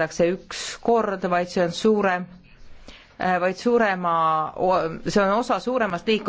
tehakse üks kord, vaid see on suurem, vaid suurema, see on osa suuremast liikumisest.